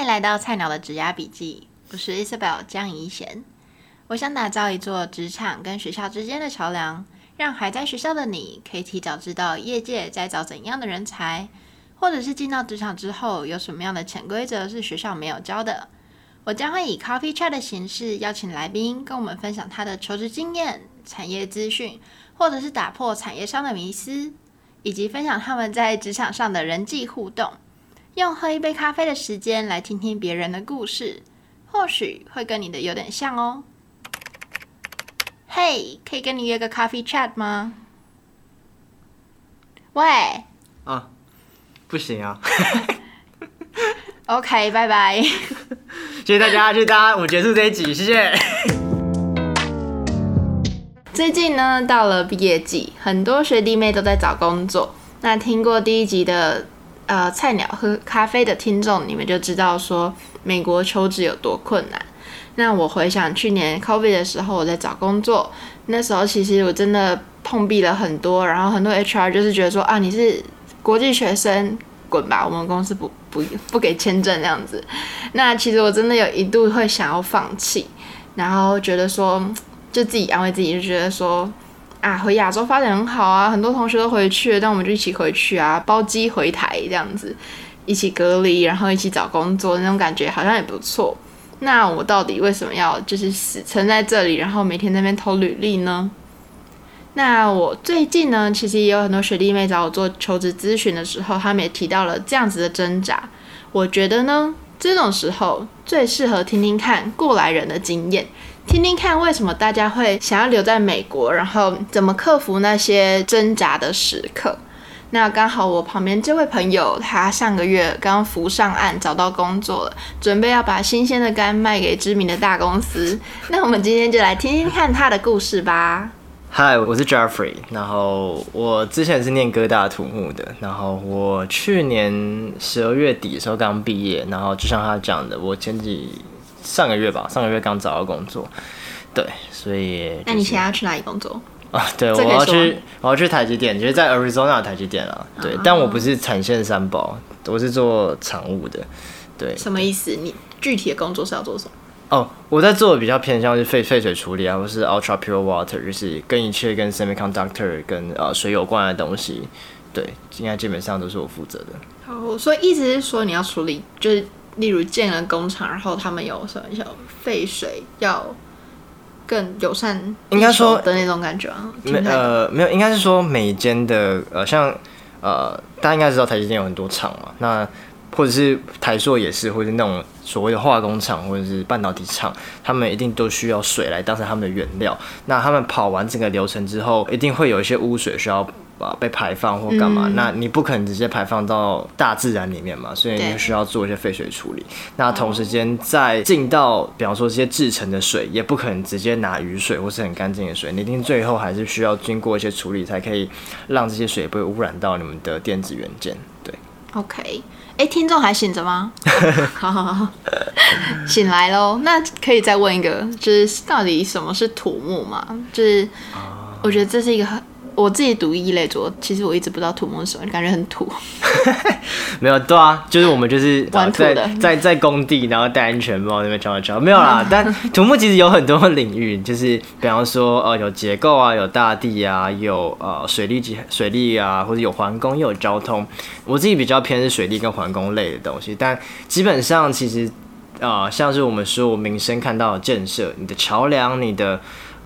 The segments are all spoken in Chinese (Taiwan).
歡迎來到菜鳥的職涯筆記，我是 Isabel 江怡賢。我想打造一座職場跟學校之間的橋樑，讓還在學校的你可以提早知道業界在找怎樣的人才，或者是進到職場之後有什麼樣的潛規則是學校沒有教的。我將會以 Coffee Chat 的形式邀請來賓跟我們分享他的求職經驗、產業資訊，或者是打破產業上的迷思，以及分享他們在職場上的人際互動。用喝一杯咖啡的時間來聽聽別人的故事，或許會跟你的有點像哦。嘿，可以跟你約個咖啡 chat 嗎？喂？啊，不行啊。 OK，拜拜。謝謝大家，謝謝大家，我們結束這一集，謝謝。 最近呢，到了畢業季，很多學弟妹都在找工作。那聽過第一集的？呃，菜鳥喝咖啡的聽眾，你們就知道說美國求職有多困難。那我回想去年 COVID 的時候，我在找工作，那時候其實我真的碰壁了很多，然後很多 HR 就是覺得說啊，你是國際學生，滾吧，我們公司不不不給簽證這樣子。那其實我真的有一度會想要放棄，然後覺得說，就自己安慰自己，就覺得說。啊，回亞洲發展很好啊，很多同學都回去了，但我們就一起回去啊，包機回台這樣子，一起隔離，然後一起找工作，那種感覺好像也不錯。那我到底為什麼要就是死撐在這裡，然後每天在那邊投履歷呢？那我最近呢，其實也有很多學弟妹找我做求職諮詢的時候，他們也提到了這樣子的掙扎。我覺得呢，這種時候最適合聽聽看過來人的經驗。聽聽看，為什麼大家會想要留在美國？然後怎麼克服那些掙扎的時刻？那剛好我旁邊這位朋友，他上個月剛剛浮上岸，找到工作了，準備要把新鮮的肝賣給知名的大公司。那我們今天就來聽聽看他的故事吧。Hi，我是 Jeffrey。然後我之前是念哥大土木的。然後我去年十二月底的時候剛畢業。然後就像他講的，我前幾。上個月吧，上個月剛找到工作，對，所以、就是、那你現在要去哪裡工作啊？對，這我要去我要去台積電，其實對在 Arizona 的台積電啊。對，oh. 但我不是產線三寶，我是做廠務的。對，什麼意思？你具體的工作是要做什麼？哦、啊，我在做的比較偏向是廢廢水處理啊，或是 ultra pure water，就是跟一切跟 semiconductor、跟呃水有關的東西，對，應該基本上都是我負責的。好，所以意思是說你要處理就是。例如建了工廠，然後他們有什麼有廢水要更友善，應該說的那種感覺啊，呃，沒有，應該是說每一間的呃像呃大家應該知道台積電有很多廠嘛，那，或者是台塑也是，或者是那種所謂的化工廠，或者是半導體廠，他們一定都需要水來當成他們的原料。那他們跑完整個流程之後，一定會有一些污水需要呃被排放或幹嘛。嗯、那你不可能直接排放到大自然裡面嘛，所以你就需要做一些廢水處理。對那同時間在進到，比方說這些製程的水，也不可能直接拿雨水或是很乾淨的水，你一定最後還是需要經過一些處理，才可以讓這些水不會污染到你們的電子元件。對，OK。哎、欸，聽眾還醒着嗎？ 好好好，醒來嘍。那可以再問一個，就是到底什麼是土木嗎？就是我覺得這是一個很。我自己讀一類，其實我一直不知道土木什麼，感覺很土。 沒有，對啊，就是我們就是 玩的在在在工地，然後戴安全帽那邊敲一敲，沒有啦。 但土木其實有很多領域，就是比方說呃有結構啊，有大地啊，有呃水利、水利啊，或者有環工又有交通。我自己比較偏是水利跟環工類的東西，但基本上其實啊、呃，像是我們說民生看到的建設，你的橋梁，你的。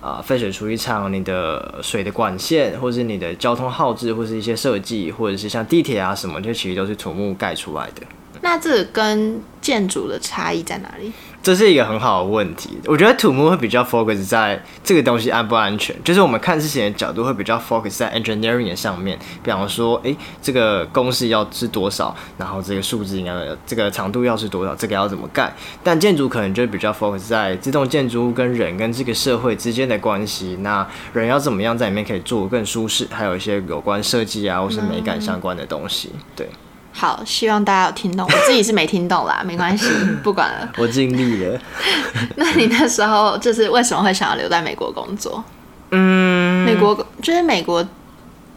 啊，廢水處理廠，你的水的管線，或是你的交通號誌，或是一些設計，或者是像地鐵啊什麼，就其實都是土木蓋出來的。那這跟建築的差異在哪裡？這是一個很好的問題，我覺得土木會比較 focus 在這個東西安不安全，就是我們看事情的角度會比較 focus 在 engineering 的上面，比方說，誒這個公式要是多少，然後這個數字應該這個長度要是多少，這個要怎麼蓋？但建築可能就比較 focus 在這棟建築物跟人跟這個社會之間的關係，那人要怎麼樣在裡面可以住更舒適，還有一些有關設計啊或是美感相關的東西，對。好，希望大家有聽懂，我自己是沒聽懂啦， 沒關係，不管了。我盡力了。 那你那時候就是為什麼會想要留在美國工作？嗯，美國就是美國，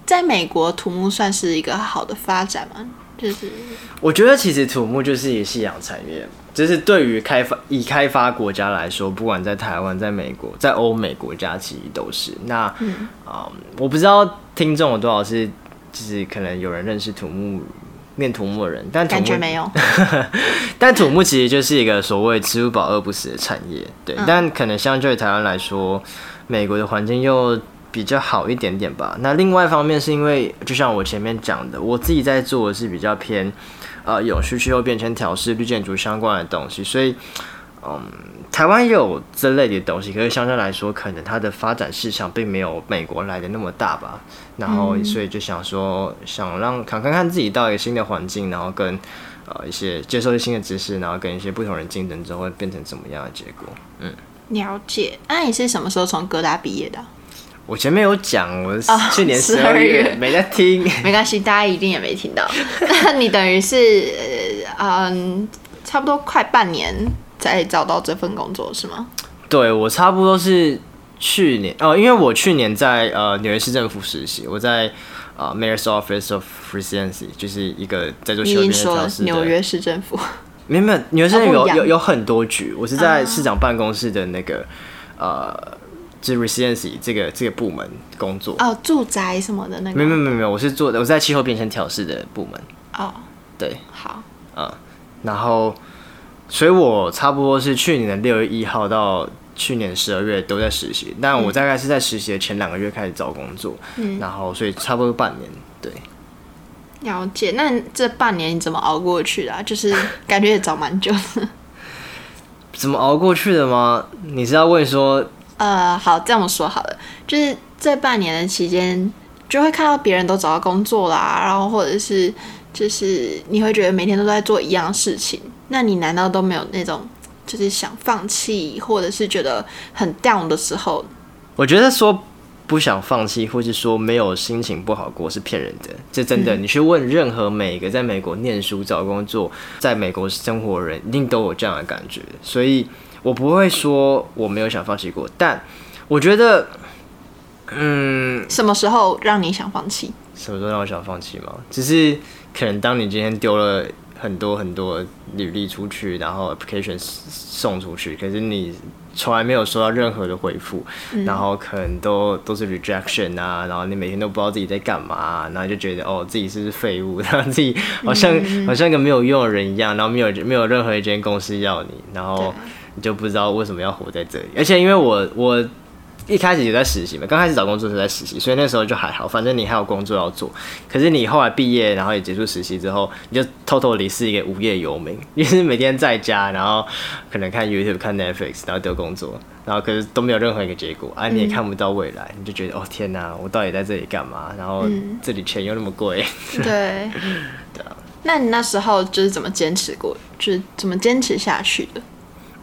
在美國土木算是一個好的發展嗎？就是我覺得其實土木就是一個夕陽產業，就是對於開發已開發國家來說，不管在台灣、在美國、在歐美國家，其實都是。那啊、嗯嗯，我不知道聽眾有多少是，就是可能有人認識土木。面土木人，但土木，沒有 但土木其實就是一個所謂“吃不飽餓不死”的產業，對。嗯、但可能相對台灣來說，美國的環境又比較好一點點吧。那另外一方面是因為，就像我前面講的，我自己在做的是比較偏，呃，有需求變遷調試、綠建築相關的東西，所以，嗯。台灣也有這類的東西，可是相對來說，可能它的發展市場並沒有美國來得那麼大吧。然後，所以就想說，想讓看看看自己到一個新的環境，然後跟、呃、一些接受一些新的知識，然後跟一些不同人競爭之後，會變成怎麼樣的結果？嗯，了解。那、啊、你是什麼時候從哥大畢業的？我前面有講，我去年十二月沒在聽，oh, 沒關係，大家一定也沒聽到。 你等於是嗯，差不多快半年。才找到這份工作是嗎？對，我差不多是去年哦、呃，因為我去年在呃紐約市政府實習，我在、呃、Mayor's Office of Residency，就是一個在做氣候變遷調試的紐約市政府？沒有沒紐約市政府有有，有很多局，我是在市長辦公室的那個、uh, 呃，就 residency 這個這個部門工作。哦，uh, 住宅什麼的那個？沒有沒有沒有，我是做的我是在氣候變遷調試的部門。哦，uh, 對，好，嗯、呃，然後。所以，我差不多是去年的六月一號到去年十二月都在實習，但我大概是在實習的前兩個月開始找工作，嗯、然後，所以差不多半年。對，了解。那這半年你怎麼熬過去的啊？就是感覺也找蠻久的。 怎麼熬過去的嗎？你是要問說？呃，好，這樣我說好了，就是這半年的期間，就會看到別人都找到工作啦，然後或者是就是你會覺得每天都在做一樣事情。那你難道都沒有那種就是想放棄，或者是覺得很 down 的時候？我覺得說不想放棄，或是說沒有心情不好過是騙人的，這真的。嗯、你去問任何每一個在美國念書、找工作、在美國生活的人，一定都有這樣的感覺。所以我不會說我沒有想放棄過，但我覺得，嗯，什麼時候讓你想放棄？什麼時候讓我想放棄嗎？只是可能當你今天丟了。很多很多履歷出去，然後 application 送出去，可是你從來沒有收到任何的回復，嗯、然後可能都都是 rejection 啊，然後你每天都不知道自己在幹嘛，然後就覺得哦，自己是，是廢物，然後自己好像、嗯、好像一個沒有用的人一樣，然後沒有沒有任何一間公司要你，然後你就不知道為什麼要活在這裡，而且因為我我。一開始就在實習嘛，剛開始找工作就在實習，所以那時候就還好，反正你還有工作要做。可是你後來畢業，然後也結束實習之後，你就 totally 是一個無業遊民，因為是每天在家，然後可能看 YouTube、看 Netflix，然後丟工作，然後可是都沒有任何一個結果，哎、啊，你也看不到未來，嗯、你就覺得哦天哪、啊，我到底在這裡幹嘛？然後這裡錢又那麼貴。嗯、 對，對那你那時候就是怎麼堅持過？就是怎麼堅持下去的？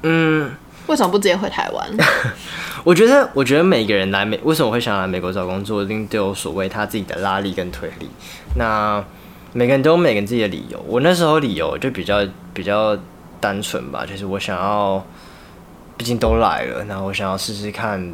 嗯。為什麼不直接回台灣？ 我覺得，我覺得每個人來美，為什麼會想來美國找工作，一定都有所謂他自己的拉力跟推力。那每個人都有每個人自己的理由。我那時候理由就比較、嗯、比較單純吧，就是我想要，畢竟都來了，然後我想要試試看。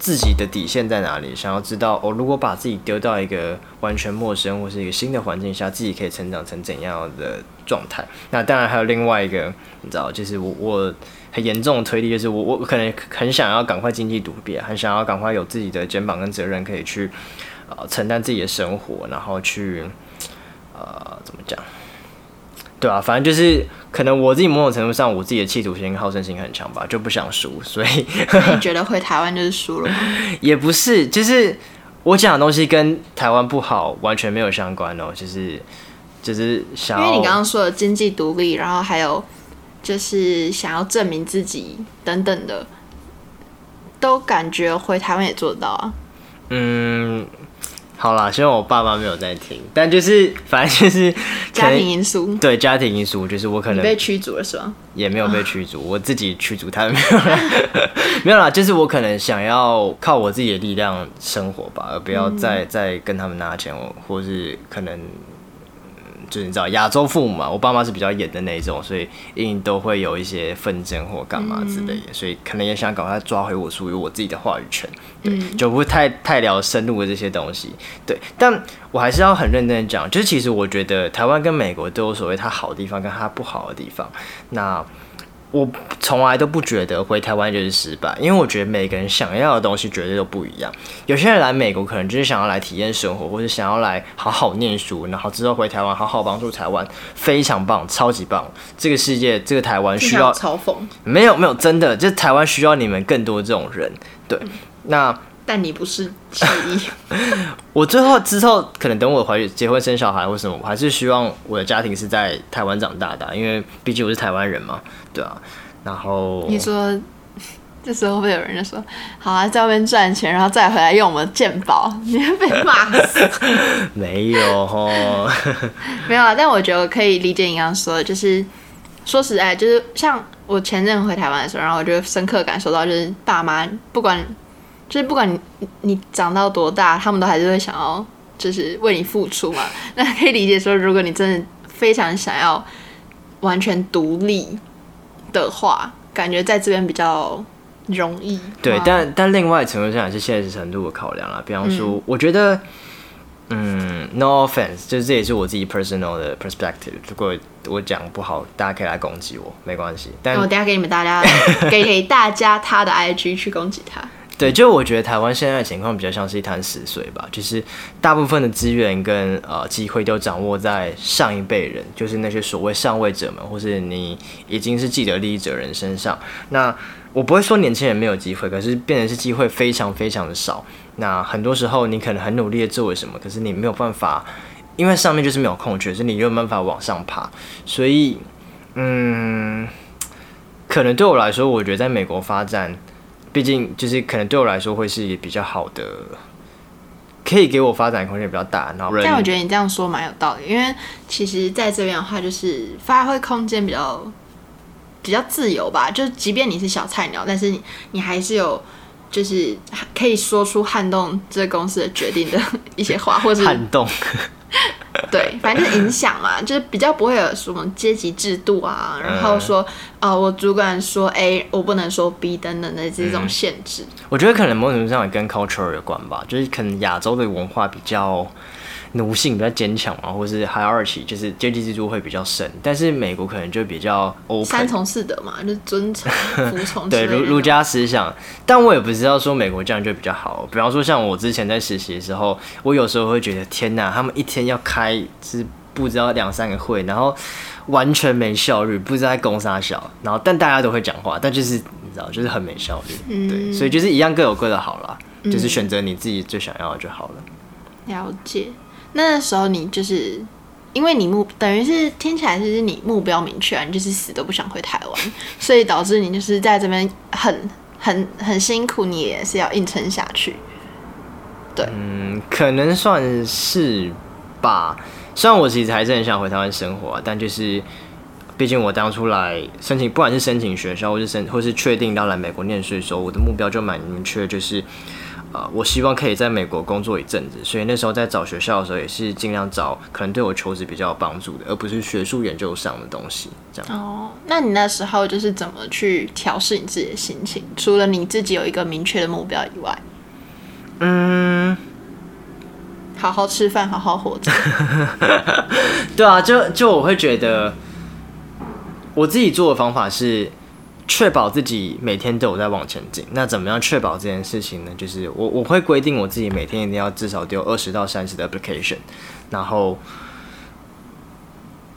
自己的底線在哪裡？想要知道我、哦、如果把自己丟到一個完全陌生或是一個新的環境下，自己可以成長成怎樣的狀態？那當然還有另外一個，你知道，就是我，我很嚴重的推力就是我，我可能很想要趕快經濟獨立，很想要趕快有自己的肩膀跟責任，可以去、呃、承擔自己的生活，然後去呃怎麼講？對啊，反正就是可能我自己某種程度上，我自己的企圖心、好勝心很強吧，就不想輸，所以 你覺得回台灣就是輸了？也不是，就是我講的東西跟台灣不好完全沒有相關哦，就是就是想要因為你剛剛說的經濟獨立，然後還有就是想要證明自己等等的，都感覺回台灣也做得到啊，嗯。好啦，希望我爸爸沒有在聽，但就是反正就是家庭因素，對，家庭因素，就是我可能被驅逐了是吧？也沒有被驅逐，啊、我自己驅逐他沒有了， 沒有啦，就是我可能想要靠我自己的力量生活吧，而不要再、嗯、再跟他們拿錢，或是可能。就是你知道亞洲父母嘛，我爸媽是比較嚴的那種，所以一定都會有一些紛爭或幹嘛之類的，嗯、所以可能也想趕快抓回我屬於我自己的話語權，對、嗯、就不會太太聊深入的這些東西，對，但我還是要很認真的講，就是其實我覺得台灣跟美國都有所謂它好的地方跟它不好的地方，那。我從來都不覺得回台灣就是失敗，因為我覺得每個人想要的東西絕對都不一樣。有些人來美國可能就是想要來體驗生活，或者想要來好好念書，然後之後回台灣好好幫助台灣，非常棒，超級棒。這個世界，這個台灣需要嘲諷，沒有沒有，真的就台灣需要你們更多這種人。對，嗯、那。但你不是記一。我最後之後，可能等我懷孕、結婚、生小孩為什麼，我還是希望我的家庭是在台灣長大的啊，因為畢竟我是台灣人嘛，對啊。然後你說這時候會有人就說：“好啊，在外面賺錢，然後再回來用我們的健保？”你會被罵死。 沒有哈 齁， 沒有啊。但我覺得我可以理解你剛剛說的，就是說實在，就是像我前任回台灣的時候，然後我就深刻感受到，就是爸媽不管。所以不管你你長到多大，他們都還是會想要就是為你付出嘛。那可以理解說，如果你真的非常想要完全獨立的話，感覺在這邊比較容易。對，但但另外程度上也是現實程度的考量啦。比方說，我覺得嗯，嗯，no offense，就是這也是我自己 personal 的 perspective。如果我講不好，大家可以來攻擊我，沒關係。但、嗯、我等一下給你們大家給 給大家他的 IG 去攻擊他。對，就我覺得台灣現在的情況比較像是一潭死水吧，就是大部分的資源跟呃機會都掌握在上一輩人，就是那些所謂上位者們，或是你已經是既得利益者人身上。那我不會說年輕人沒有機會，可是變成是機會非常非常的少。那很多時候你可能很努力的做什麼，可是你沒有辦法，因為上面就是沒有空缺，是你沒有辦法往上爬。所以，嗯，可能對我來說，我覺得在美國發展。畢竟，就是可能對我來說會是比較好的，可以給我發展的空間比較大。然後，但我覺得你這樣說蠻有道理，因為其實在這邊的話，就是發揮空間比較比較自由吧。就是即便你是小菜鳥，但是你你還是有，就是可以說出撼動這個公司的決定的一些話，或者 撼動。 對，反正影響嘛、啊，就是比較不會有什麼階級制度啊，嗯、然後說，啊、呃，我主管說 A，我不能說 B 等等的這種限制、嗯。我覺得可能某種程度上也跟 culture 有關吧，就是可能亞洲的文化比較，奴性比較堅強啊，或是 hierarchy 就是階級制度會比較深，但是美國可能就比較 o p 三從四德嘛，就是、尊崇、服從。 對，儒儒家思想，但我也不知道說美國這樣就比較好。比方說，像我之前在實習的時候，我有時候會覺得天哪，他們一天要開、就是不知道兩三個會，然後完全沒效率，不知道在攻啥小，然後，但大家都會講話，但就是你知道，就是很沒效率。嗯、對，所以就是一樣各有各的好了，就是選擇你自己最想要的就好了。嗯嗯、了解。那時候你就是，因為你目等於是聽起來就是你目標明確，你就是死都不想回台灣，所以導致你就是在這邊很很很辛苦，你也是要硬撐下去。對，嗯，可能算是吧。雖然我其實還是很想回台灣生活，啊，但就是畢竟我當初來申請，不管是申請學校，或是申，或是確定要來美國念書的時候，我的目標就蠻明確，就是。啊，uh, 我希望可以在美國工作一陣子，所以那時候在找學校的時候，也是盡量找可能對我求職比較有幫助的，而不是學術研究上的東西。這樣哦，那你那時候就是怎麼去調適你自己的心情？除了你自己有一個明確的目標以外，嗯，好好吃飯，好好活着。 對啊，就就我會覺得，我自己做的方法是。確保自己每天都有在往前進，那怎麼樣確保這件事情呢？就是我我會規定我自己每天一定要至少丟二十到三十的 application，然後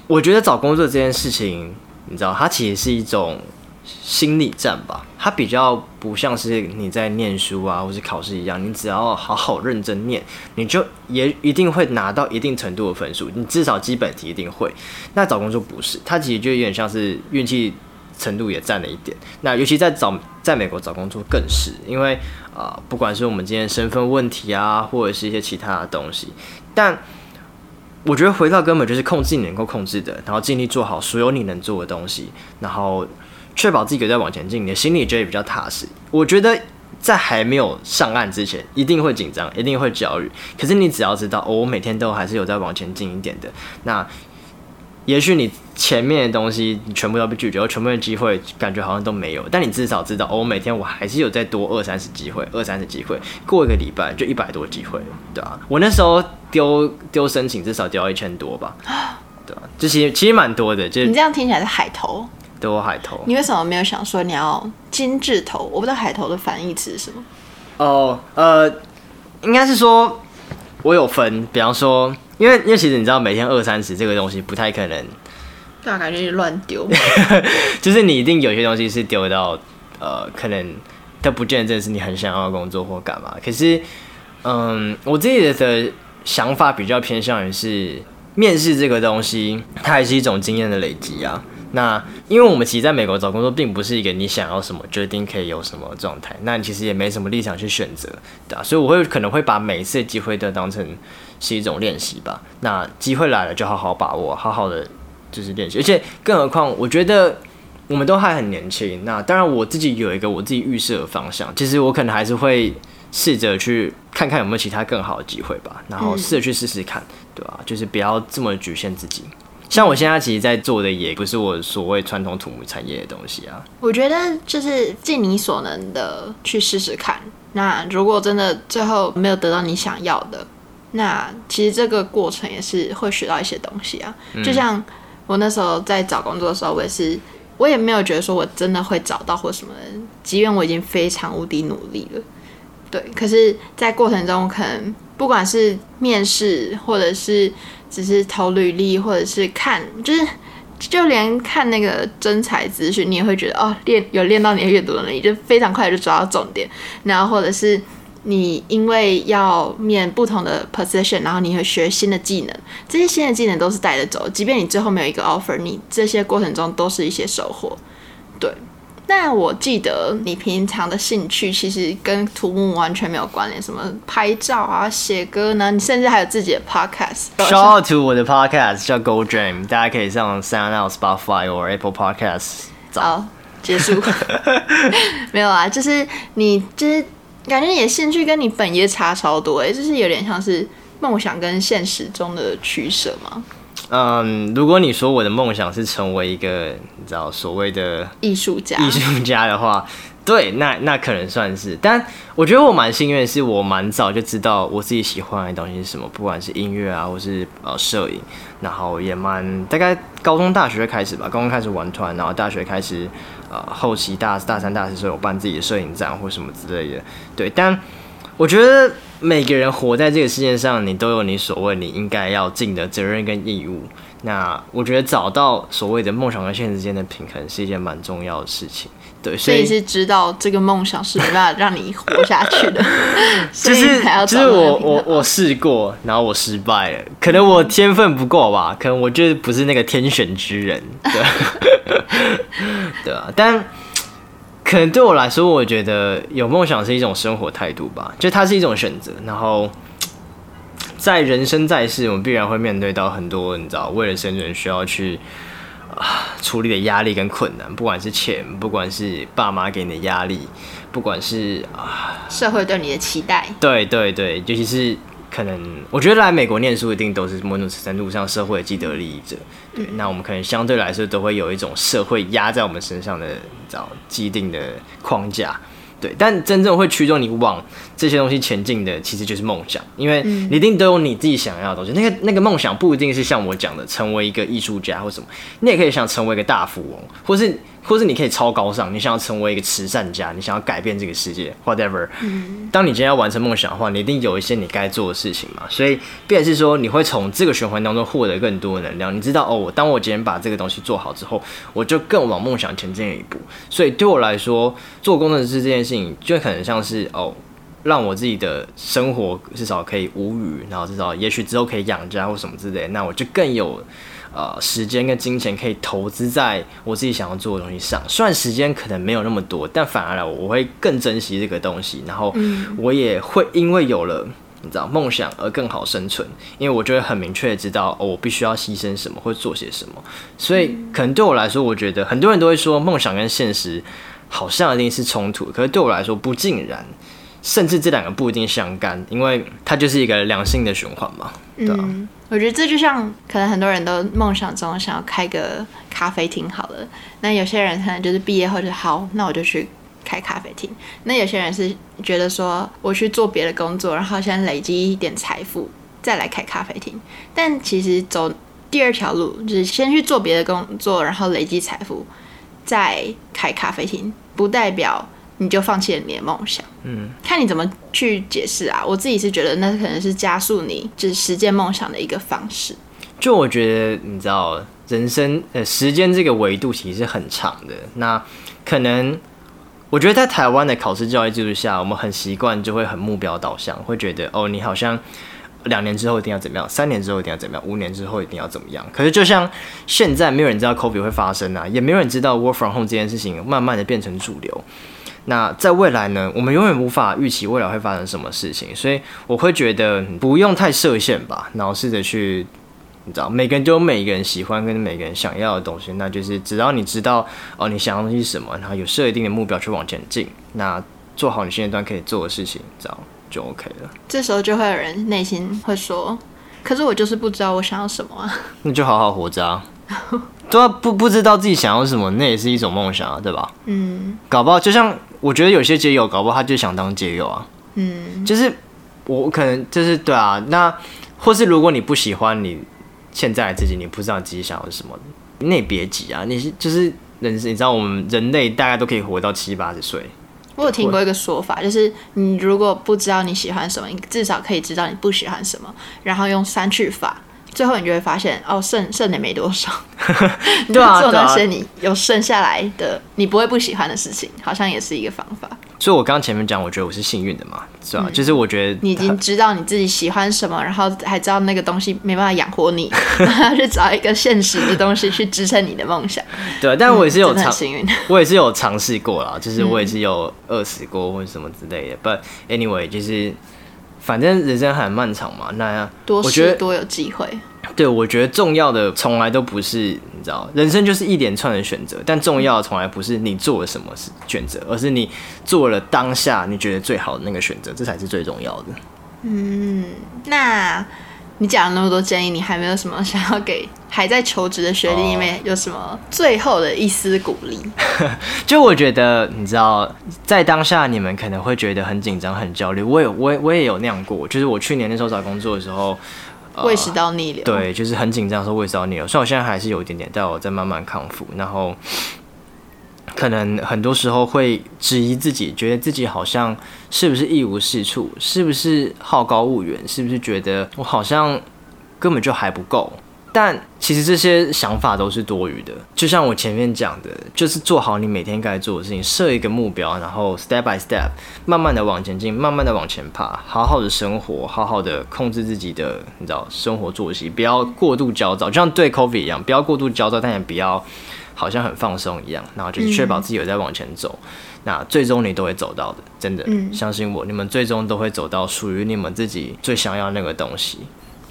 我覺得找工作這件事情，你知道，它其實是一種心理戰吧，它比較不像是你在念書啊，或是考試一樣，你只要好好認真念，你就也一定會拿到一定程度的分數，你至少基本題一定會。那找工作不是，它其實就有點像是運氣。程度也佔了一點，那尤其在找，在美國找工作更是，因為啊、呃，不管是我們今天的身份問題啊，或者是一些其他的東西，但我覺得回到根本就是控制你能夠控制的，然後盡力做好所有你能做的東西，然後確保自己有在往前進，你的心裡覺得也比較踏實。我覺得在還沒有上岸之前，一定會緊張，一定會焦慮，可是你只要知道，哦，我每天都還是有在往前進一點的，那也許你。前面的東西你全部都被拒絕，後全部的機會感覺好像都沒有。但你至少知道，哦、我每天我還是有再多二三十機會，二三十機會過一個禮拜就一百多機會，對吧、啊？我那時候丟丟申請至少丟一千多吧，對吧、啊？這些其實蠻多的。就你這樣聽起來是海投，對，我海投。你為什麼沒有想說你要精致投？我不知道海投的反義詞是什麼。哦，呃，應該是說我有分，比方說，因為因為其實你知道，每天二三十這個東西不太可能。那感覺是亂丟，就是 就是你一定有些東西是丟到，呃，可能都不見得是你很想要工作或幹嘛。可是，嗯，我自己的想法比較偏向於是面試這個東西，它也是一種經驗的累積啊。那因為我們其實在美國找工作並不是一個你想要什麼決定可以有什麼狀態，那你其實也沒什麼立場去選擇，對啊，所以我會可能會把每一次機會都當成是一種練習吧。那機會來了就好好把握，好好的。就是練習，而且更何況，我覺得我們都還很年輕。那當然，我自己有一個我自己預設的方向。其實我可能還是會試着去看看有沒有其他更好的機會吧，然後試着去試試看，嗯、對吧、啊？就是不要這麼局限自己。像我現在其實，在做的也不是我所謂傳統土木產業的東西啊。我覺得就是盡你所能的去試試看。那如果真的最後沒有得到你想要的，那其實這個過程也是會學到一些東西啊，嗯、就像。我那時候在找工作的時候，我也是，我也沒有覺得說我真的會找到或什麼，即便我已經非常無敵努力了，對。可是，在過程中，可能不管是面試，或者是只是投履歷，或者是看，就是就連看那個徵才資訊，你也會覺得哦，練有練到你的閱讀能力，就非常快就抓到重點，然後或者是。你因為要面不同的 position，然後你會學新的技能，這些新的技能都是帶着走的。即便你最後沒有一個 offer，你這些過程中都是一些收穫，對。那我記得你平常的興趣其實跟土木完全沒有關聯，什麼拍照啊、寫歌呢？你甚至還有自己的 podcast。Shout out to 我的 podcast 叫 GOJAM，大家可以像 SoundCloud Spotify 或 Apple Podcasts 好，結束。 沒有啊，就是你就是。感覺你的興趣跟你本業差超多哎，就是有點像是夢想跟現實中的取捨嗎？嗯，如果你說我的夢想是成為一個，你知道所謂的藝術家，藝術家的話，對，那那可能算是。但我覺得我蠻幸運，是我蠻早就知道我自己喜歡的東西是什麼，不管是音樂啊，或是呃攝影，然後也蠻大概高中、大學開始吧，高中開始玩團，然後大學開始。呃，後期大大三大、大四，所有辦自己的攝影展或什麼之類的。對，但我覺得每個人活在這個世界上，你都有你所謂你應該要盡的責任跟義務。那我覺得找到所謂的夢想和現實間的平衡，是一件蠻重要的事情。對，所以，所以是知道這個夢想是沒辦法讓你活下去的。 就是、 所以才要我我我試過，然後我失敗了，可能我天分不夠吧，嗯、可能我就是不是那個天選之人。對， 對啊，但可能對我來說，我覺得有夢想是一種生活態度吧，就它是一種選擇。然後在人生在世，我們必然會面對到很多，你知道，為了生存需要去。啊，處理的壓力跟困難，不管是錢，不管是爸媽給你的壓力，不管是啊，社會對你的期待，對對對，尤其是可能，我覺得來美國念書一定都是某種程度上社會的既得利益者，對，嗯、那我們可能相對來說都會有一種社會壓在我們身上的這種既定的框架。對，但真正會驅動你往這些東西前進的，其實就是夢想，因為你一定都有你自己想要的東西。嗯、那個那個夢想不一定是像我講的成為一個藝術家或什麼，你也可以想成為一個大富翁，或是。或是你可以超高尚，你想要成為一個慈善家，你想要改變這個世界，whatever。嗯、當你今天要完成夢想的話，你一定有一些你該做的事情嘛。所以變成是說，你會從這個循環當中獲得更多的能量。你知道哦，當我今天把這個東西做好之後，我就更往夢想前進一步。所以對我來說，做工程師這件事情就可能像是哦。讓我自己的生活至少可以無虞，然後至少也許之後可以養家或什麼之類，那我就更有呃時間跟金錢可以投資在我自己想要做的東西上。雖然時間可能沒有那麼多，但反而來我，我會更珍惜這個東西。然後我也會因為有了你知道夢想而更好生存，因為我就會很明確的知道、哦、我必須要犧牲什麼或做些什麼。所以可能對我來說，我覺得很多人都會說夢想跟現實好像一定是衝突，可是對我來說不盡然。甚至這兩個不一定相干，因為它就是一個良性的循環嘛。嗯，對。我覺得這就像可能很多人都夢想中想要開個咖啡廳，好了。那有些人可能就是畢業後就好，那我就去開咖啡廳。那有些人是覺得說我去做別的工作，然後先累積一點財富，再來開咖啡廳。但其實走第二條路，就是先去做別的工作，然後累積財富，再開咖啡廳，不代表，你就放棄了你的夢想，嗯，看你怎麼去解釋啊。我自己是覺得那可能是加速你就是實踐夢想的一個方式。就我覺得，你知道，人生呃時間這個維度其實是很長的。那可能我覺得在台灣的考試教育制度下，我們很習慣就會很目標導向，會覺得哦，你好像兩年之後一定要怎麼樣，三年之後一定要怎麼樣，五年之後一定要怎麼樣。可是就像現在沒有人知道 COVID 會發生啊，也沒有人知道 Work from Home 這件事情慢慢的變成主流。那在未來呢？我們永遠無法預期未來會發生什麼事情，所以我會覺得不用太設限吧。然後試着去，你知道，每個人都有每一個人喜歡跟每個人想要的東西，那就是只要你知道哦，你想要的東西是什麼，然後有設一定的目標去往前進，那做好你現階段可以做的事情，這樣就 OK 了。這時候就會有人內心會說：“可是我就是不知道我想要什麼啊。”那就好好活着啊！ 都要不不知道自己想要什麼，那也是一種夢想啊，對吧？嗯，搞不好就像。我覺得有些街友，搞不好他就想當街友啊。嗯，就是我可能就是對啊，那或是如果你不喜歡你現在的自己，你不知道自己想要什麼，那也別急啊，你是就是人，你知道我們人類大概都可以活到七八十歲。我有聽過一個說法，我就是你如果不知道你喜歡什麼，你至少可以知道你不喜歡什麼，然後用刪去法。最後你就會發現，哦，剩剩的沒多少。 你就做那些你有剩下來的，你不會不喜歡的事情，好像也是一個方法。所以，我剛剛前面講，我覺得我是幸運的嘛，是吧、啊？嗯、就是我覺得你已經知道你自己喜歡什麼，然後還知道那個東西沒辦法養活你， 然後要去找一個現實的東西去支撐你的夢想。對，但我也是有嘗、嗯，嘗我也是有嘗試過啦，就是我也是有餓死過或者什麼之類的。嗯、But anyway，就是。反正人生很漫長嘛，那樣、啊、多學、多有機會。對，我覺得重要的從來都不是，你知道，人生就是一連串的選擇，但重要的從來不是你做了什麼選擇，而是你做了當下你覺得最好的那個選擇，這才是最重要的。嗯，那。你講了那麼多建議，你還沒有什麼想要給還在求職的學弟妹有什麼最後的一絲鼓勵？Uh, 就我覺得，你知道，在當下你們可能會覺得很緊張、很焦慮。我有，我也我也有那樣過。就是我去年那時候找工作的時候，uh, 胃食道逆流。對，就是很緊張，說胃食道逆流。雖然我現在還是有一點點，但我在慢慢康復。然後。可能很多時候會質疑自己，覺得自己好像是不是一無是處，是不是好高騖遠，是不是覺得我好像根本就還不夠？但其實這些想法都是多餘的。就像我前面講的，就是做好你每天該做的事情，設一個目標，然後 step by step 慢慢的往前進，慢慢的往前爬，好好的生活，好好的控制自己的你知道生活作息，不要過度焦躁，就像對 COVID 一樣，不要過度焦躁，但也不要。好像很放鬆一樣，然後就是確保自己有在往前走，嗯、那最終你都會走到的，真的、嗯、相信我，你們最終都會走到屬於你們自己最想要的那個東西。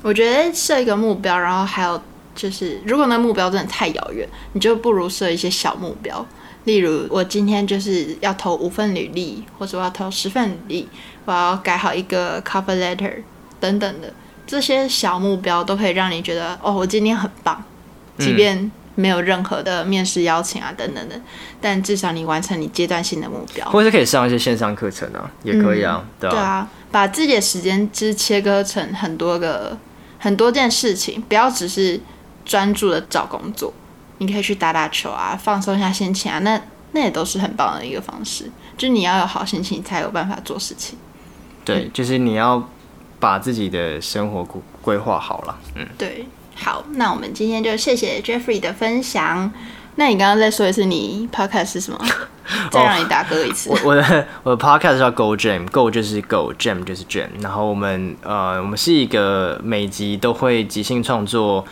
我覺得設一個目標，然後還有就是，如果那個目標真的太遙遠，你就不如設一些小目標，例如我今天就是要投五份履歷，或者我要投十份履歷，我要改好一個 cover letter 等等的，這些小目標都可以讓你覺得哦，我今天很棒，即便、嗯。沒有任何的面試邀請啊，等等的。但至少你完成你階段性的目標，或是可以上一些線上課程啊，也可以啊。嗯、對啊，把自己的時間之切割成很多個很多件事情，不要只是專注的找工作。你可以去打打球啊，放鬆一下心情啊，那那也都是很棒的一個方式。就你要有好心情，才有辦法做事情。對，嗯、就是你要把自己的生活規規劃好了。嗯，對。.好，那我們今天就謝謝 Jeffrey 的分享。那你剛剛再說一次，你 Podcast 是什麼？ oh, 再讓你打歌一次，我，我的我的 Podcast 叫 Go Jam，Go 就是 Go，Jam 就是 Jam。然後我們呃，我們是一個每集都會即興創作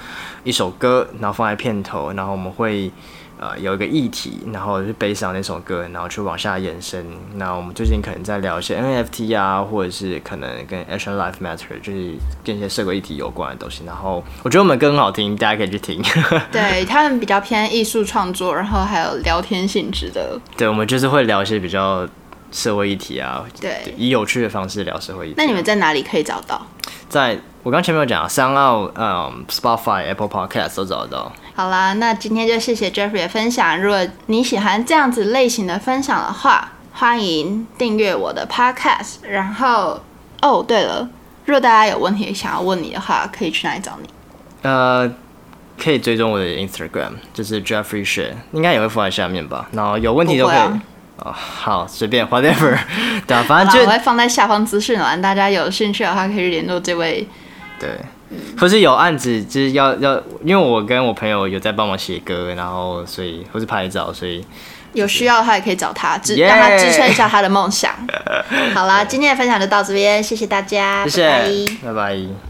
一首歌，然後放在片頭，然後我們會。呃，有一個議題，然後是悲傷那首歌，然後去往下延伸。那我們最近可能在聊一些 NFT 啊，或者是可能跟 Asian Life Matter，就是跟一些社會議題有關的東西。然後我覺得我們的歌很好聽，大家可以去聽。 對他們比較偏藝術創作，然後還有聊天性質的。對，我們就是會聊一些比較社會議題啊，對,對，以有趣的方式聊社會議題啊。那你們在哪裡可以找到？在我剛前面有講了，SoundOn，嗯，Spotify、Apple Podcast 都找得到。好啦，那今天就謝謝 Jeffrey 的分享。如果你喜歡這樣子類型的分享的話，歡迎訂閱我的 Podcast。然後，哦，對了，如果大家有問題想要問你的話，可以去哪裡找你？呃，uh, 可以追蹤我的 Instagram，就是 Jeffrey Hsueh，應該也會放在下面吧。然後有問題都可以。哦、啊，oh, 好，隨便，whatever。 對啊，反正就我會放在下方資訊欄，大家有興趣的話可以聯絡這位。對。可是有案子就是要要，因為我跟我朋友，有在幫忙寫歌，然後所以或是拍照，所以有需要的話也可以找他，支 Yeah! 讓他支撐一下他的夢想。 好啦，今天的分享就到這邊，謝謝大家，謝謝，拜拜 bye。Bye bye